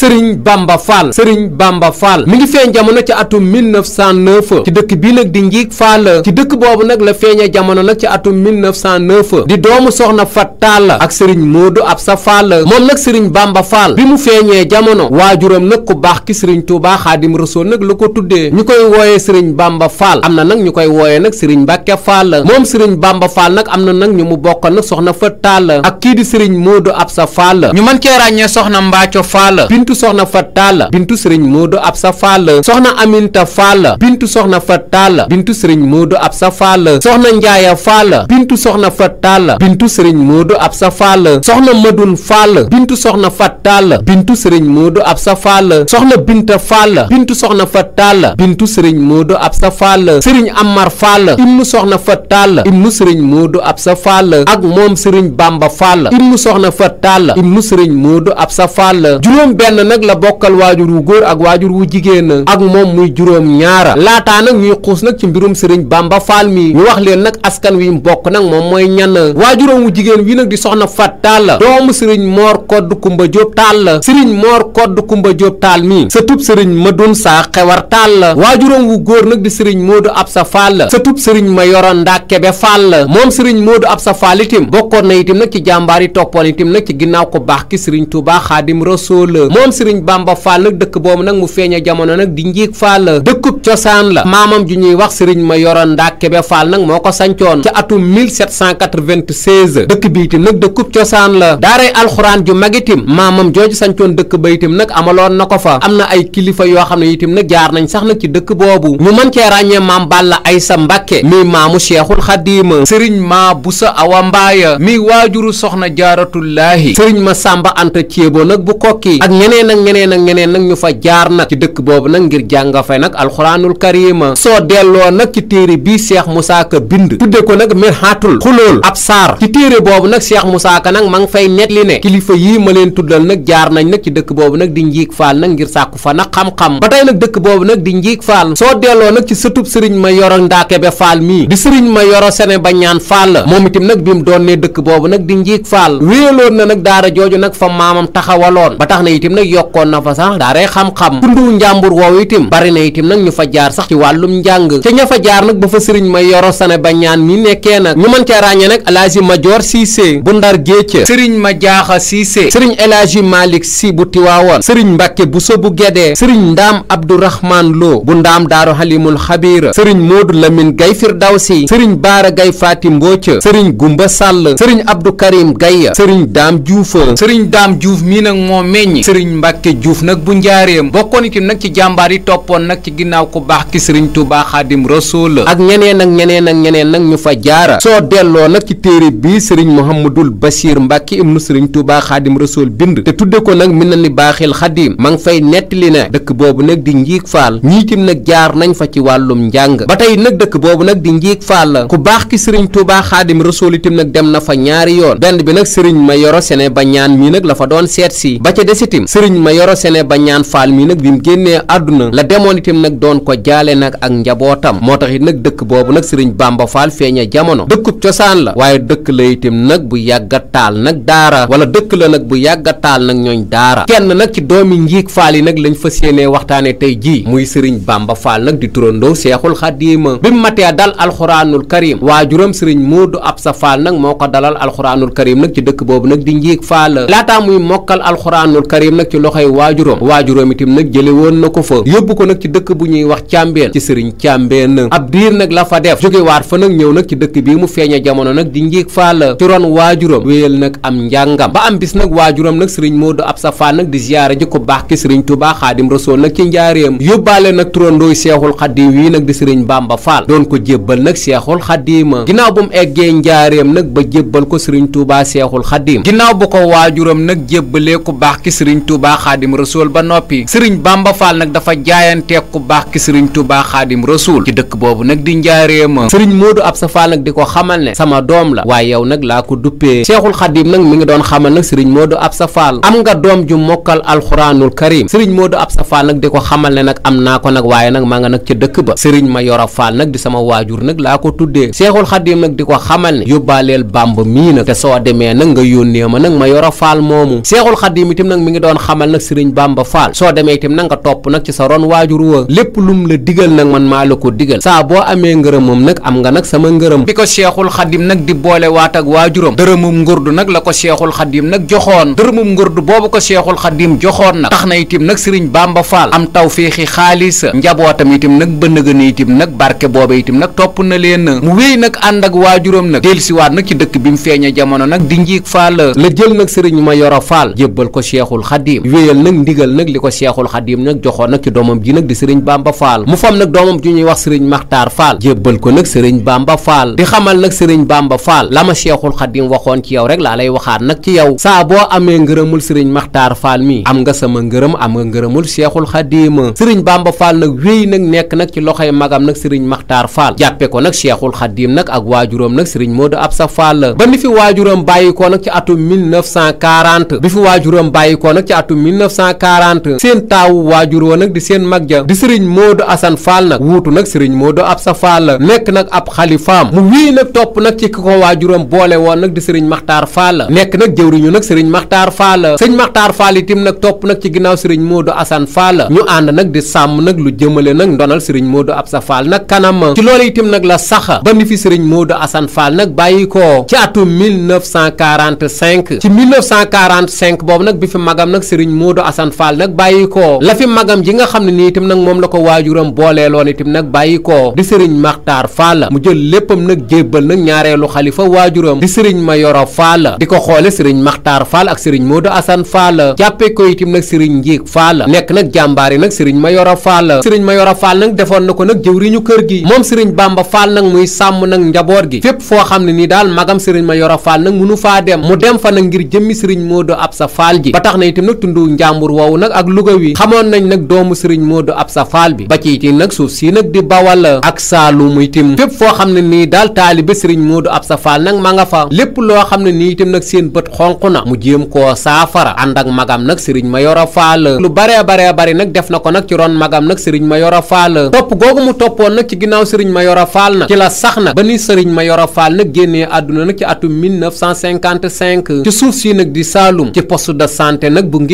Serigne Bamba Fall Serigne Bamba Fall mu ngi feeñ jamono ci atum 1909 ci dëkk bii nag di Njiig Fall ci dëkk boobu nag la feeñee jamono nag ci atum 1909 di doomu soxna Fat Tall ak Serigne Modou sa Fall moom nag Serigne Bamba Fall bi mu feeñee jamono waa waajuram nag ku baax ki Serigne Touba Xaadim Rasuul nag lu ko tuddee ñu koy wooyee Serigne Bamba faal am na nag ñu koy wooyee nag Serigne Mbacke Fall moom Serigne Bamba Fall nag am na nag ñu mu bokkal nag soxna Fat Tall kii di Serigne Modou Absa Fall ñu mën cee soxna Mbacco bintu soxna fat taala bintu sëriñ moodu absa faal soxna aminta faal bintu soxna fat taala bintu sëriñ moodu absa faal soxna njaaya faal bintu soxna fat taala bintu sëriñ moodu absa faal soxna madun faal bintu soxna fat taala bintu sëriñ moodu absa faal soxna binta faal bintu soxna fat taala bintu sëriñ moodu absa faal sëriñ amar faal ibnu soxna fat taala ibnu sëriñ moodu absa faal ak moom sëriñ bamba faal ibnu soxna fat taala ibnu sëriñ moodu absa faal juróom benn benn nag la bokkal waajur wu góor ak waajur wu jigéen ak moom muy juróom ñaara laataa nag ñuy xuus nag ci mbirum sëriñ Bamba faal mi ñu wax leen nag askan wi bokk nag moom mooy ñan waajuróom wu jigéen wi nag di soxna Fat Taal la doomu sëriñ Moor Kodd Kumba Jóob Taal la sëriñ Moor Kodd Kumba Jóob Taal mi sa tub sëriñ Madun Saa Xewar Taal la waajuróom wu góor nag di sëriñ Moodu Absa Fall la sa tub sëriñ ma Mayoro Ndakebe Fall la moom sëriñ Moodu Absa Fall itim bokkoon na itim nag ci jàmbaar yi toppoon itim ko baax ki maam sëriñ bamba fall nag dëkk boobu nag mu feeñe jamono nag di njiig fall dëkkub cosaan la maamam ju ñuy wax sëriñ ma yoro ndaa kebe fall nag moo ko sancoon ci atum 1796 dëkk bi itam nag dëkkub cosaan la daaray alxuraan ju mag maamam jooju sancoon dëkk ba itam nag amaloon na ko fa am na ay kilifa yoo xam ne itam nag jaar nañ sax nag ci dëkk boobu ñu mën cee ràññee maam Balla Aysa Mbàkke mi maamu Cheikhul Xadiima sëriñ ma Busa Awa Mbaaya mi waajuru soxna jaaratullaahi sëriñ ma Sàmba Anta Ceebo ñeneen ak ñeneen ak ñeneen nag ñu fa jaar nag ci dëkk boobu nag ngir jàng fa nag alxuraanul karima soo delloo nag ci téere bi Cheikh Moussa Ka bind tudde ko nag mirxaatul xulool ab saar ci téere boobu nag Cheikh Moussa nag ma ngi fay nettali ne kilifa yii ma leen tuddal nag jaar nañ nag ci dëkk boobu nag di njiig faal nag ngir sàkku fa nag xam-xam ba tey nag dëkk boobu nag di njiig faal soo delloo nag ci sëtub sëriñ ma yoro ndaakebe faal mii di sëriñ ba ñaan faal la moom itam nag bi mu doon ne dëkk boobu nag di njiig na nag daara jooju nag fa yokkoon na fa sax daaree xam-xam tundu njàmbur woow itim bari na itim nag ñu fa jaar sax ci wàllum njàng ca ña fa jaar nag ba fa sëriñ ma yoro sane ba ñaan mi nekkee nag ñu mën cee ràññee nag alaaji majoor siise bu ndar géecë sëriñ ma jaaxa siise sëriñ elaaji malik si bu tiwaawoon sëriñ mbàkke buso bu gedee sëriñ ndaam abdourahman lo bu ndaam daaru halimul xabiira sëriñ moodu lamin gay firdawsi sëriñ baara gay faati mbooca sëriñ gumba sàll sëriñ abdou karim gayya sëriñ daam juufa sëriñ daam juuf mii nag Mbàkke Diouf nag bu njaareem bokkoon itam nag ci jàmbaar yi toppoon nag ci ginnaaw ku baax ki Sëriñ Tuubaa Xaadim Rasuul ak ñeneen ak ñeneen ak ñeneen nag ñu fa jaar soo delloo nag ci téere bi Sëriñ Mouhamadul Bachir Mbàkke ibnu Sëriñ Tuubaa Xaadim Rasuul bind te tudde ko nag min na ni baaxil Xaadim ma ngi fay nettali ne dëkk boobu nag di njiig faal ñiitim nag jaar nañ fa ci wàllum njàng ba tey nag dëkk boobu nag di njiig faal la ku baax ki Sëriñ Tuubaa Xaadim Rasuul itam nag dem na fa ñaari yoon benn bi nag Sëriñ ma yoro sene ba ñaan mii nag la fa doon seet sëriñ ma yoro sene ba ñaan faal mi nag bi mu génnee àdduna la nag doon ko jaale nag ak njabootam moo tax it nag dëkk boobu nag sëriñ bamba faal feeña jamono dëkkub cosaan la waaye dëkk la itam nag bu yàgga taal nag daara wala dëkk la nag bu yàgga nag ñooñ daara kenn nag ci doomi njiig faal yi nag lañ fas yéenee waxtaane tey jii muy sëriñ bamba faal nag di turandoo seexul xadiima bi mu matee dal alxuraanul karim waajuram sëriñ moodu absa faal nag moo ko dalal alxuraanul karim nag ci dëkk boobu nag di njiig faal laataa muy mokkal alxuraanul karim nag ci loxo yi waajuram waajuram itam nag jële woon na ko fa yóbbu ko nag ci dëkk bu ñuy wax càmbeen ci sëriñ càmbeen ab diir nag la fa def jógewaat fa nag ñëw nag ci dëkk bii mu feeñe jamono nag di njiig faa la ci ron waajuram wéyal nag am njàngam ba am bis nag waajuram nag sëriñ Moodu Absa Fall nag di ziyaara ji ko baax ki sëriñ Tuubaa Xaadim Rasuul nag ci njaareem yóbbaale nag turandooy seexul xaddiim wii nag di sëriñ ba Fall doon ko jébbal nag seexul xaddiima ginnaaw bu mu eggee njaareem nag ba jébbal ko sëriñ Tuubaa seexul xaddiim nag jébbalee ko baax ki Touba Xaadim Rasuul ba noppi sëriñ Bamba Fall nag dafa jaayanteeg ku baax ki sëriñ Touba Xaadim Rasuul ci dëkk boobu nag di njaareema sëriñ moo Absa Fall nag di ko xamal ne sama doom la waaye yow nag laa ko duppee Cheikhul Xaadim nag mi ngi doon xamal nag sëriñ Modou Absa Fall am nga doom ju mokkal alxuraanul karim sëriñ Modou Absa Fall nag di ko xamal ne nag am naa ko nag waaye nag maa nga nag ca dëkk ba sëriñ Mayoro Fall nag di sama waajur nag laa ko tuddee Cheikhul Xaadim nag di ko xamal ne yóbbaaleel Bamba mii nag te soo demee nag nga yónnee ma nag ma Fall moomu Cheikhul Xaadim itam nag mi ngi doon xamal nag sëriñ Bamba Fall soo demee itam na nga topp nag ci sa ron waajur wa lépp lum la digal nag man maa la ko digal saa boo amee ngërëmam nag am nga nag sama ngërëm bi ko Seexul Xadim nag di boolewaat ak waajuram dërëmum ngurdu nag la ko Seexul Xadim nag joxoon dërëmum ngurdu boobu ko Seexul Xadim joxoon nag tax na itam nag sëriñ Bamba Fall am tawféexi xaalis njabootam itam nag bënnëgën itam nag barke booba itam nag topp na leen mu wéy nag ànd ak waajuram nag dellusiwaat ci dëkk bi mu feeñee jamono nag di njiig la jël nag sëriñ ma yoro Fall Xaadim wéyal nag ndigal nag li ko Seexul Xaadim nag joxoon nag ci doomam ji nag di sëriñ Bamba Faal mu fam nag doomam ju ñuy wax sëriñ Maxtaar Faal jébbal ko nag sëriñ Bamba Faal Faal la ma Seexul Xaadim waxoon ci yow rek laa lay waxaat nag ci yow saa boo amee ngërëmul sëriñ Maxtaar Faal mi am nga sama ngërëm am nga ngërëmul Seexul Xaadim sëriñ Bamba Faal nag wéy nag nekk nag ci loxoy magam nag sëriñ Maxtaar Faal jàppe ko nag Seexul Xaadim nag ak waajuróom nag sëriñ Moodu Absa Faal ba ni fi waajuróom bàyyi ko nag ci atum 1940 bi fi waajuróom bàyyi ko nag ci atum atu 1940 seen taawu waajur wa nag di seen mag ja di sëriñ Modou Assane Fall nag wuutu nag sëriñ Modou Absa Fall la nekk nag ab xalifaam mu wii nag topp nag ci ki ko waajuram boole woon nag nekk nag jëwriñu nag sëriñ Maxtaar Fall la sëriñ Maxtaar nag topp nag sëriñ Modou Assane Fall la ñu nag di sàmm nag lu jëmale nag ndonal sëriñ Modou Absa Fall nag kanam ci loolu itim nag la saxa ba ni fi sëriñ Modou Assane Fall nag bàyyi ko ci atum ci boobu nag bi fi magam nag sëriñ sëriñ Modou Assane Fall nag bàyyi ko la fi magam nga xam ne nii itam nag moom la ko waajuram booleeloon itam nag bàyyi ko di sëriñ Makhtar Fall mu jël léppam nag jébbal nag ñaareelu xalifa waajuram di sëriñ Mayoro Fall di ko xoole sëriñ Makhtar Fall ak sëriñ Modou Assane Fall jàppe ko itam nag sëriñ Njiig Fall nekk nag jàmbaar yi nag sëriñ ma Mayoro Fall sëriñ Mayoro Fall nag defoon na ko nag jëw jëwriñu kër gi moom sëriñ Bamba Fall nag muy sàmm nag njaboot gi fépp foo xam ne nii daal magam sëriñ ma Fall nag munu faa dem mu dem fa nag ngir jëmmi sëriñ Modou Absa Fall ji ba tax tundu njàmbur woowu nag ak Louga wi xamoon nañ nag doomu Serigne Modou Absa Fall bi ba ci ci nag suuf si nag di Bawal ak Saalum itam fépp foo xam ne daal taalibe Serigne Modou Absa Fall nag ma nga fa lépp loo ne nii itam nag seen bët na mu jéem koo saafara ànd ak magam nag Serigne Mayoro Fall lu baree baree bari nag def na ko nag ci ron magam nag Serigne Mayoro Fall topp googu mu toppoon nag ci ginnaaw Serigne Mayoro Fall nag ci la sax nag ba ni Serigne Mayoro Fall nag génnee àdduna nag ci atum 1955 ci suuf si nag di Saalum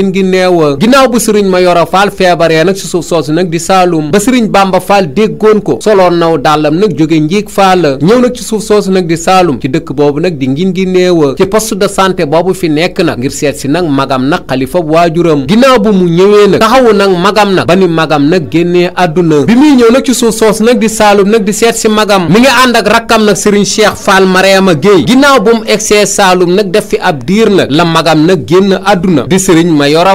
njëriñ gi neewa ginnaaw bu sëriñ Mayoro Fall feebaree nag si suuf soosu nag di Saalum ba sëriñ Bamba Fall déggoon ko soloon naw dàllam nag jóge njiig Fall ñëw nag ci suuf soosu nag di Saalum ci dëkk boobu nag di ngin gi neewa ci post de santé boobu fi nekk nag ngir seet si nag magam nag xalifa waajuram ginnaaw bu mu ñëwee nag taxawu nag magam nag ba ni magam nag génnee àdduna bi muy ñëw nag ci suuf soosu nag di Saalum nag di seet si magam mu ngi ànd ak rakkam nag sëriñ Cheikh Fall Mariama Guèye ginnaaw bu mu egsee Saalum nag def fi ab diir nag la magam nag génn àdduna di sëriñ Mayoro Yoro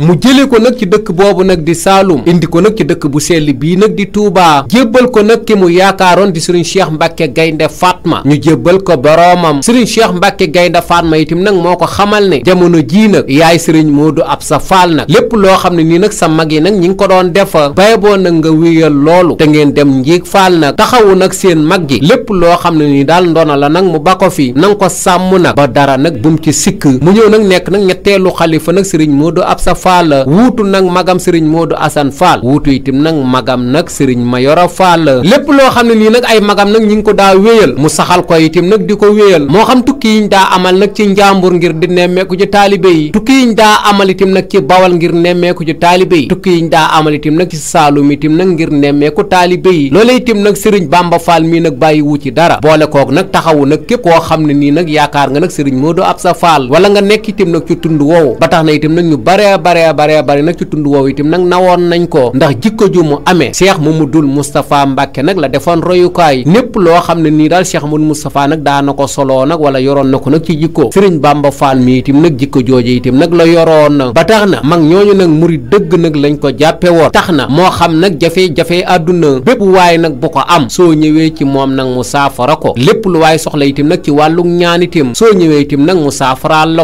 mu jële ko nag ci dëkk boobu nag di Saalum indi ko nag ci dëkk bu sell bii nag di Touba jébbal ko nag ki mu yaakaaroon di Serigne Cheikh Mbacke Gaynde Fatma ñu jébbal ko boroomam Serigne Cheikh Mbacke Gaynde Fatma itam nag moo ko xamal ne jamono jii nag yaay moo Serigne Modou sa Fall nag lépp loo xam ne nii nag sa mag yi nag ñi ngi ko doon defa bayboo nag nga wéyal loolu te ngeen dem njéeg faal nag taxawu nag seen mag ji lépp loo xam ne nii daal ndoona la nag mu ba fi na sàmm sëriñ Modou Absa Fall wuutu nag magam sëriñ Modou Assane Fall wuutu itam nag magam nag sëriñ Mayoro Fall lépp loo xam ne lii nag ay magam nag ñi ngi ko daa wéyal mu saxal ko itam nag di ko wéyal moo xam tukki yiñ daa amal nag ci njàmbur ngir di nemmeeku ci taalibe yi tukki yiñ daa amal nag ci bawal ngir nemmeeku ci taalibe yi tukki yiñ daa amal itam nag ci saalum itam nag ngir nemmeeku taalibe yi loolee itam nag sëriñ Bamba Fall mii nag bàyyi wu ci dara boole koog nag taxawu nag képp koo nag yaakaar nga nag nekk itam nag ci tund woowu ba tax na itam itam nag ñu bare bare bare bare nag ci tund woowu itam nag nawoon nañ ko ndax jikko ju mu amee cheikh mamadul moustapha mbàkke nag la defoon royukaay lépp loo xam ne nii daal cheikh mamadul moustapha nag daa na ko soloo nag wala yoroon na ko nag ci jikko sëriñ bàmba faal mi itam nag jikko jooje itam nag la yoroon na ba tax na mag ñooñu nag muri dëgg nag lañ ko jàppe woon tax na moo xam nag jafe-jafe àdduna bépp waaye nag bu ko am soo ñëwee ci moom nag mu saafara ko lépp lu waaye soxla itam nag ci wàllu ñaan itam soo ñëwee itam nag mu saafaraal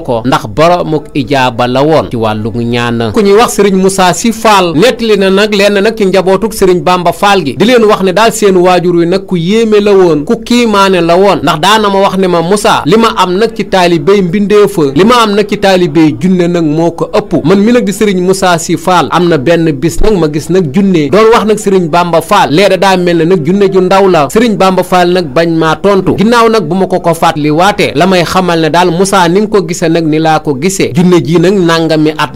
woon ci wàllu ñaan ku ñuy wax sëriñ Moussa si Fall nettali na nag lenn nag ci njabootug sëriñ Bamba Fall gi di leen wax ne daal seen waajur wi nag ku yéeme la woon ku kiimaane la woon ndax daana ma wax ne ma Moussa li ma am nag ci taalibéy mbindeefa li ma am nag ci taalibéy junne nag moo ko ëpp man mi nag di sëriñ Moussa si Fall am na benn bis nag ma gis nag junne doon wax nag sëriñ Bamba Fall léeda daa mel na nag junne ju ndaw la sëriñ Bamba Fall nag bañ ma ko ko fàttali waatee la ko ko gisee junne ji nag nang nangami at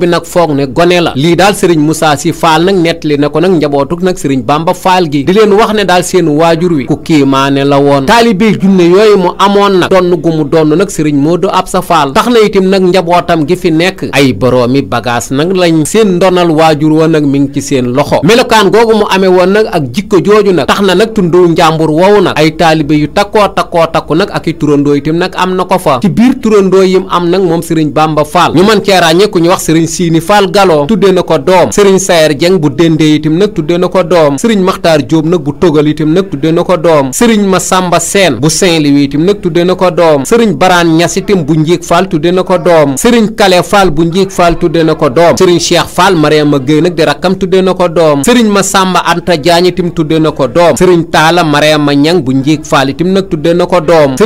bi nag foog ne gone daal sëriñ Moussa Sy Fall nag na ko nag njabootug nag sëriñ Bamba Fall wax ne daal seen waajur wi ku kiimaane la woon taalibe junne yooyu mu amoon nag donn gu mu donn nag sëriñ Modou Absa Fall tax na itim nag njabootam gi fi nekk ay boroomi bagaas nag lañ seen ndonal waajur woon nag mi ngi ci seen loxo melokaan googu mu amee woon nag ak jikko jooju nag tax na nag tundu njàmbur woowu nag ay taalibe yu takkoo takkoo takku nag ak i turandoo itam nag am na ko fa ci biir turandoo yim am nag moom sëriñ Bamba Fall ñu mën cee ràññee ku ñu wax sëriñ Siini Fall Galo tuddee na ko doom sëriñ Sayer Dieng bu Dendé itam nag tuddee na ko doom sëriñ Maxtaar Jóob nag bu Togal itam nag tuddee na ko doom sëriñ Masamba Seen bu Saint-Louis itam nag tuddee na ko doom sëriñ Baraan Ñas itam bu Njiig Fall tuddee na ko doom sëriñ Kale Fall bu Njiig Fall tuddee na ko doom sëriñ Cheikh Fall ma Gueye nag di rakkam tuddee na ko doom sëriñ Masamba Anta Jaañ itam tuddee na ko doom sëriñ Taala Mariama Ñang bu Njiig Fall itam nag na ko doom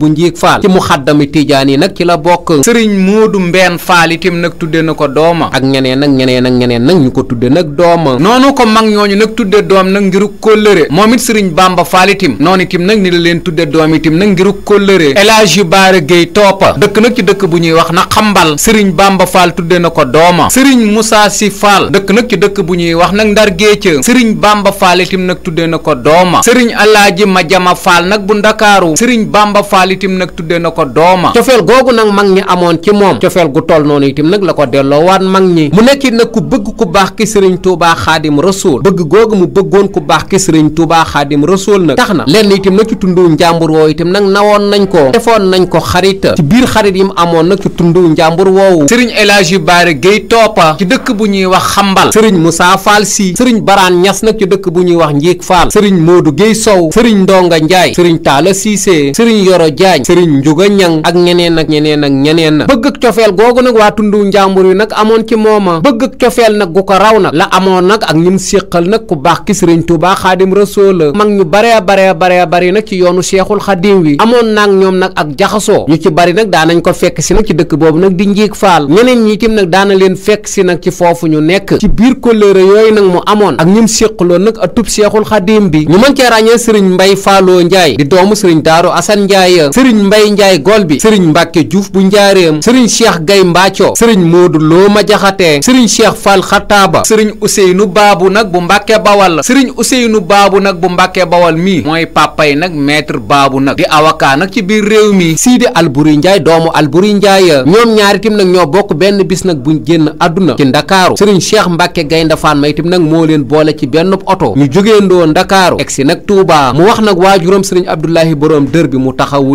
bu Njiig Fall ci mu xaddami yi nag ci la bokk sëriñ du Mbeen Faal itam nag tudde na ko dooma ak ñeneen nag ñeneen ak ñeneen nag ñu ko tudde nag dooma noonu ko mag ñooñu nag tudde doom nag ngiru kóllëre moom it sëriñ Bamba Faal itam noonu itam nag ni la leen tudde doom itam nag ngiru kóllëre El Hadj Baara Gueye toppa dëkk nag ci dëkk bu ñuy wax nag xambal sëriñ Bamba Faal tudde na ko dooma sëriñ Moussa Si Faal dëkk nag ci dëkk bu ñuy wax nag ndar géecë sëriñ Bamba Faal itam nag tudde na ko dooma sëriñ Alaaji Majama Faal nag bu Ndakaaru sëriñ Bamba Faal nag tudde na ko dooma googu nag mag ñi amoon ci moom cofeel gu toll noonu itam nag la ko delloowaat mag ñi mu nekkit nag ku bëgg ku baax ki sëriñ Tuubaa xaadim rasuul bëgg googu mu bëggoon ku baax ki sëriñ Tuubaa xaadim rasuul nag tax na lenn itam nag ci tundu njàmbur woowu itam nag nawoon nañ ko defoon nañ ko xarita ci biir xarit yi mu amoon nag ci tundu njàmbur woowu sëriñ El Hadji Baare Gueye toppa ci dëkk bu ñuy wax xambal sëriñ Moussa faal si sëriñ Baraan Ñas nag ci dëkk bu ñuy wax Njiig Fall sëriñ Modou Gueye Sow sëriñ Ndonga Njaay sëriñ Taala Siise sëriñ Yoro Jaañ sëriñ Njuga Ñang ak ñeneen ñeneen ak ñeneen ak ñeneen nag bëgg ak cofeel googu nag waa tundu njàmbur yi nag amoon ci mooma bëgg ak cofeel nag gu ko raw nag la amoon nag ak ñim séqal nag ku baax ki sëriñ Tuubaa xaadim rasuul la mag ñu baree baree baree bari nag ci yoonu seexul xaadim wi amoon naag ñoom nag ak jaxasoo ñu ci bari nag daanañ ko fekk si nag ci dëkk boobu nag di njiig faal ñeneen ñi itam nag daana leen fekk si nag ci foofu ñu nekk ci biir kóllëre yooyu nag mu amoon ak ñim séqaloon nag atub seexul xaadim bi ñu mën cee ràññee sëriñ mbay faaloo njaay di doomu sëriñ daaru asan njaay sëriñ mbay njaay gol bi sëriñ Mbàkke Diouf bu njaareem sëriñ Cheikh Gay Mbaaco sëriñ du Loo ma jaxatee sëriñ Cheikh Fall Xataaba sëriñ Ousseynou Baabu nag bu mbakke Bawal la sëriñ Ousseynou Baabu nag bu mbakke Bawal mii mooy papa yi nag maître Baabu nag di avocat nag ci biir réew mi Sidi Alburi Njaay doomu Alburi Njaay ñoom ñaari tim nag ñoo bokk benn bis nag buñ génn àdduna ci Ndakaaru sëriñ Cheikh Mbàkke Gaynde Faan may tim nag moo leen boole ci benn oto ñu jógeendoo Ndakaaru egsi nag Tuubaa mu wax nag waajuram sëriñ Abdoulahi Borom dër mu taxawu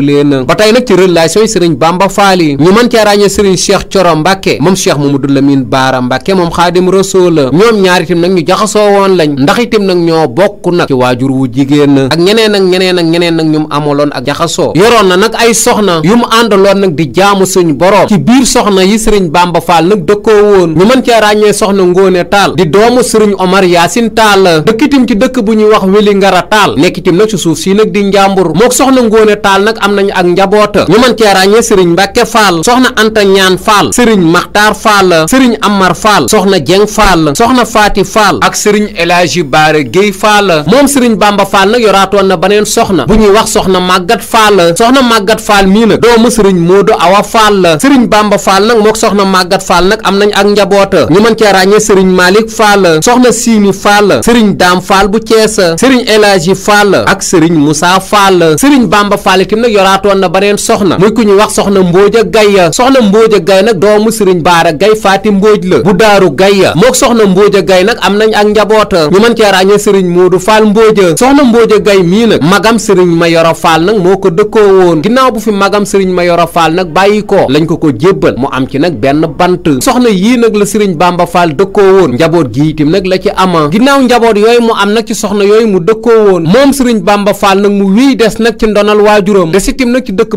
sëriñ Bamba Faal yi ñu mën cee ràññee sëriñ Cheikh Coro Mbàkke moom Cheikh Mamadou Lamine Baara Mbàkke moom Xaadim Rasuul la ñoom ñaar itam nag ñu jaxasoo woon lañ ndax itam nag ñoo bokk nag ci waajur wu jigéen ak ñeneen ak ñeneen ak ñeneen nag ñu mu amaloon ak jaxasoo yoroon na nag ay soxna yu mu àndaloon nag di jaamu suñ boroom ci biir soxna yi sëriñ Bamba nag dëkkoo woon ñu man cee ràññee soxna Ngóone Taal di doomu sëriñ Omar Yaasin Taal la dëkk itam ci dëkk bu ñuy wax Weli Ngara Taal nekk itam nag ci si nag di njàmbur mook soxna Ngóone Taal nag am nañu ak njaboota ñu Kebe Serigne Mbacke Fall soxna Anta Ñaan Fall Serigne Makhtar Fall Serigne Amar Fall soxna Dieng Fall soxna Faati Fall ak Serigne El Hadji Baare Guèye Fall moom Serigne Bamba Fall nag yoraatoon na beneen soxna bu ñuy wax soxna Maguette Fall soxna Maguette Fall mii nag doomu Serigne Modou Awa Fall Serigne Bamba Fall nag mook soxna Maguette Fall nag am nañ ak njaboota ñu mën cee ràññee Serigne Malick Fall soxna Sini Fall sëriñ Dame Fall bu Thiès Serigne El Hadji ak Serigne Moussa Fall wax soxna mbooj a gayya soxna mbooj a gay nag doomu sëriñ baara gay faati mbooj la bu daaru gayya mook soxna mbooj gay nag am nañ ak njaboota ñu mën cee ràññee sëriñ moodu faal mbooja soxna mbooj a gay mii nag magam sëriñ ma yoro faal nag moo ko dëkkoo woon ginnaaw bu fi magam sëriñ ma yoro faal nag bàyyi ko lañ ko ko jébbal mu am ci nag benn bant soxna yii nag la sëriñ bamba faal dëkkoo woon njaboot gi itam nag la ci ama ginnaaw njaboot yooyu mu am nag ci soxna yooyu mu dëkkoo woon moom sëriñ bamba faal nag mu wii des nag ci ndonal waajuram des itam nag ci dëkk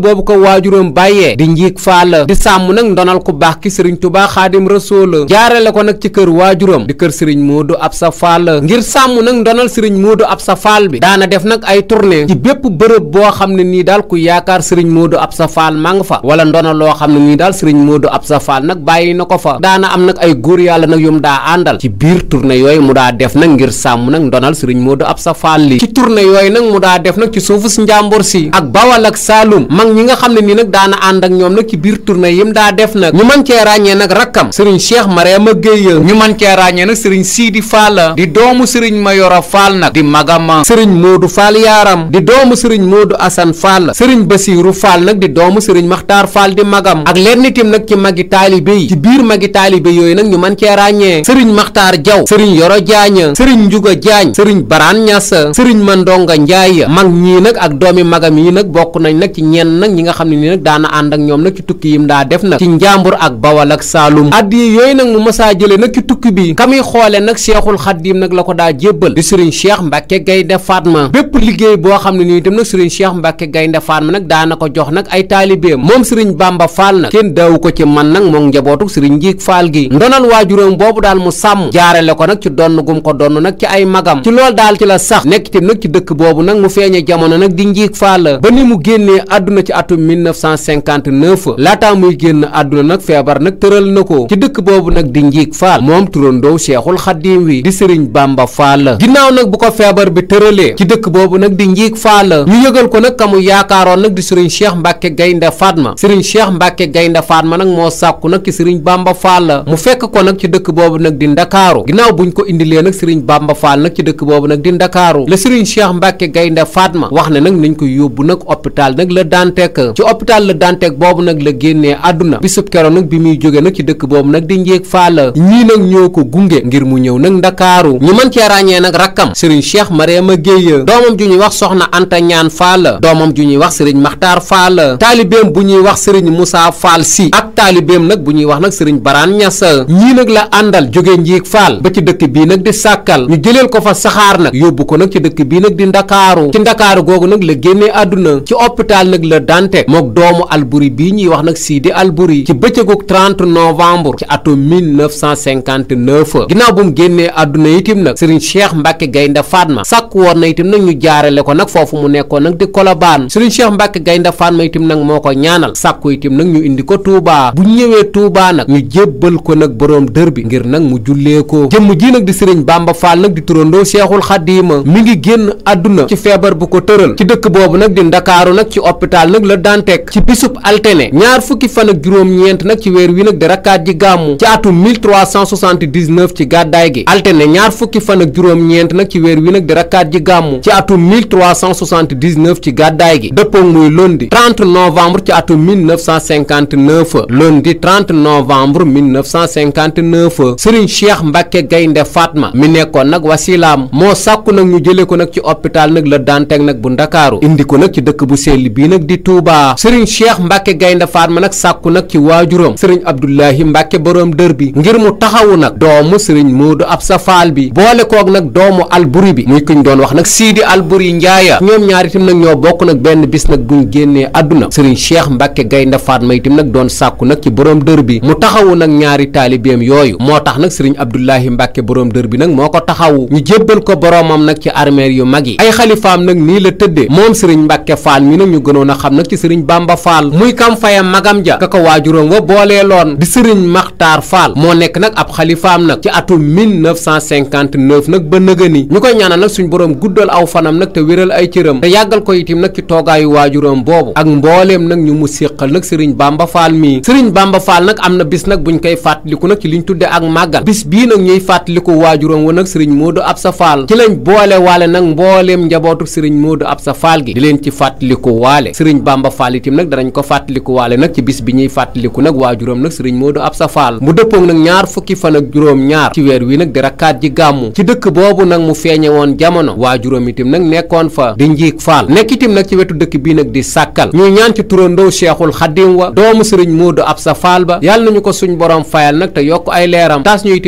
bàyyee di njiig faala di sàmm nag ndonal ku baax ki sëriñ tubaa xaadim rasool jaarale ko nag ci kër waajuram di kër sëriñ moodu absa faal ngir sàmm nag ndonal sëriñ moodu absa faal bi daana def nag ay tournée ci bépp bërëb boo xam ne nii daal ku yaakaar sëriñ moodu absa faal ma nga fa wala ndona loo xam ne nii daal sëriñ moodu absa faal nag bàyyi na ko fa daana am nag ay góor yàlla nag yum daa àndal ci biir tournée yooyu mu daa def nag ngir sàmm nag ndonal sëriñ moodu absa faal li ci tournée yooyu nag mu daa def nag ci suufu si njàmbur si ak bawal ak saalum mag ñi nga xam ne nii nag daana a ànd ak ñoom nag ci biir tournée yim daa def nag ñu mën cee ràññee nag rakkam sëriñ Cheikh Mariama Gueye ñu mën cee ràññee nag sëriñ Sidi Fall di doomu sëriñ Mayoro Fall nag di magama sëriñ Modou Fall yaaram di doomu sëriñ Modou Assane Fall sëriñ Basirou Fall nag di doomu sëriñ Makhtar Fall di magam ak lenn itam nag ci magi taalibe yi ci biir magi taalibe yooyu nag ñu mën cee ràññee sëriñ Makhtar Diaw sëriñ Yoro Diagne sëriñ Njuga Diagne sëriñ Baraan Ñas sëriñ Mandonga a ànd ak ñoom nag ci tukki yim daa def nag ci njàmbur ak bawal ak saalum addiye yooyu nag mu masaa jële nag ci tukki bi ka muy xoole nag seexul xaddiim nag la ko daa jébbal di sëriñ cheikh mbàkke gaynde faatma bépp liggéey boo xam ne nii itam nag sëriñ cheikh mbàkke gaynde faatma nag daana ko jox nag ay taalibeem moom sëriñ bàmba faal nag kenn daawu ko ci man nag moom njabootu sëriñ njiig faal gi ndonal waajuróom boobu daal mu sàmm jaarale ko nag ci donn gum ko donn nag ci ay magam ci lool daal ci la sax nekk ci nag ci dëkk boobu nag mu feeñe jamono nag di 59 laataa muy génn àdduna nag feebar nag tëral na ko ci dëkk boobu nag di njiig faal moom turandoo seexul xaddiim wi di sëriñ bàmba faal ginnaaw nag bu ko feebar bi tëralee ci dëkk boobu nag di njiig faal ñu yëgal ko nag ka mu yaakaaroon nag di sëriñ cheikh mbàkke gaynde faatma sëriñ cheikh mbàkke gaynde faatma nag moo sàkku nag ci sëriñ bàmba faal mu fekk ko nag ci dëkk boobu nag di ndakaaru ginnaaw buñ ko indilee nag sëriñ bàmba faal nag ci dëkk boobu nag di ndakaaru la sëriñ cheikh mbàkke gaynde faatma wax ne nag nañ ko yóbbu nag hôpital nag la daan tekk ci hôpital la Dantec boobu nag la génnee àdduna bisub keroog nag bi muy jóge nag ci dëkk boobu nag di njéeg faala ñii nag ñoo ko gunge ngir mu ñëw nag ndakaaru ñu mën cee ràññee nag rakkam sëriñ Cheikh Mariama Guèye doomam ju ñuy wax soxna Anta Ñaan Faala doomam ju ñuy wax sëriñ Maxtaar Faala taalibeem bu ñuy wax sëriñ Moussa Fall si ak taalibeem nag bu ñuy wax nag sëriñ Baraan Ñas ñii nag la àndal jóge njéeg faal ba ci dëkk bii nag di sàkkal ñu jëleel ko fa saxaar nag yóbbu ko nag ci dëkk bii nag di ndakaaru ci ndakaaru googu Alboury bii ñuy wax nag Sidi Alboury ci bëccëgug 30 novembre ci atum 1959 ginnaaw bu mu génnee àdduna itim nag Serigne Cheikh Mbacke Gaynde Fatma sàkk woon na itim nag ñu jaarale ko nag foofu mu nekkoon nag di Colobane Serigne Cheikh Mbacke Gaynde Fatma itim nag moo ko ñaanal sàkku itim nag ñu indi ko Touba bu ñëwee Touba nag ñu jébbal ko nag boroom dër bi ngir nag mu jullee ko jëmm ji nag di Serigne Bamba Fall nag di turandoo Cheikhul Xadima mi ngi génn àdduna ci feebar bu ko tëral ci dëkk boobu nag di Ndakaaru nag ci hôpital la bisub altene ñaar fukki fan ak juróom-ñeent nag ci weer wi nag di rakkaat ji gàmmu ci atum 1379 ci gàddaay gi altene ñaar fukki fan ak juróom-ñeent nag ci weer wi nag di ji gàmmu ci atum 1379 ci gàddaay gi dëppoo muy lundi 30 novembre ci atum 1959 lundi 30 novembre 1959 Serigne Cheikh Mbacke Gaynde Fatma mi nekkoon nag wasilaam moo sàkku nag ñu jëlee ko nag ci hôpital nag la Dantec nag bu Ndakaaru indi ko nag ci dëkk bu sell bii nag di Touba cheikh mbàkke gaynde faatma nag sàkku nag ci waajuram sëriñ abdoulahi mbàkke boroom dër bi ngir mu taxawu nag doomu sëriñ ab sa faal bi boole kook nag doomu alburi bi muy kuñ doon wax nag siidi alburi njaaya ñoom ñaari itam nag ñoo bokk nag benn bis nag buñ génne àdduna sëriñ cheikh mbàkke gaynde faatma itam nag doon sàkku nag ci boroom dër bi mu taxawu nag ñaari taalibeem yooyu moo tax nag sëriñ abdoulahi mbàkke boroom dër bi nag moo ko taxawu ñu jébbal ko boroomam nag ci armeer yu mag yi ay xalifaam nag nii la tëddee moom sëriñ mbàkke faal mi nag a Fall muy kam fayam magam ja kaka waajuram wa booleeloon di sëriñ Maxtaar Fall moo nekk nag ab xalifaam nag ci atum 1959 nag ba nëgëni ñu koy ñaanal nag suñu boroom guddal aw fanam nag te wéral ay cëram te yàggal ko itim nag ci toogaayu waajuram boobu ak mbooleem nag ñu mu séqal nag sëriñ Bamba faal mii sëriñ Bamba Fall nag am na bis nag bu buñ koy fàttaliku nag ci liñ tudde ak màggal bis bii nag ñuy fàttaliku waajuram wa nag sëriñ Modou Absa Fall ci lañ boole waale nag mbooleem njabootu sëriñ Modou Absa Fall gi di leen ci nañ ko fàttalikuwaale nag ci bis bi ñuy fàttaliku nag waajuram nag sëriñ Modou Absa Fall mu dëppoog nag ñaar fukki fan ak juróom-ñaar ci weer wi nag di rakkaat ji gàmmu ci dëkk boobu nag mu feeñe woon jamono waajuram itam nag nekkoon fa di njiig faal nekk itam nag ci wetu dëkk bi nag di sàkkal ñuy ñaan ci turandoo cheikhul xadim wa doomu sëriñ Modou sa Fall ba yàlla nañu ko suñ borom fayal nag te yokk ay leeram taas ñu itam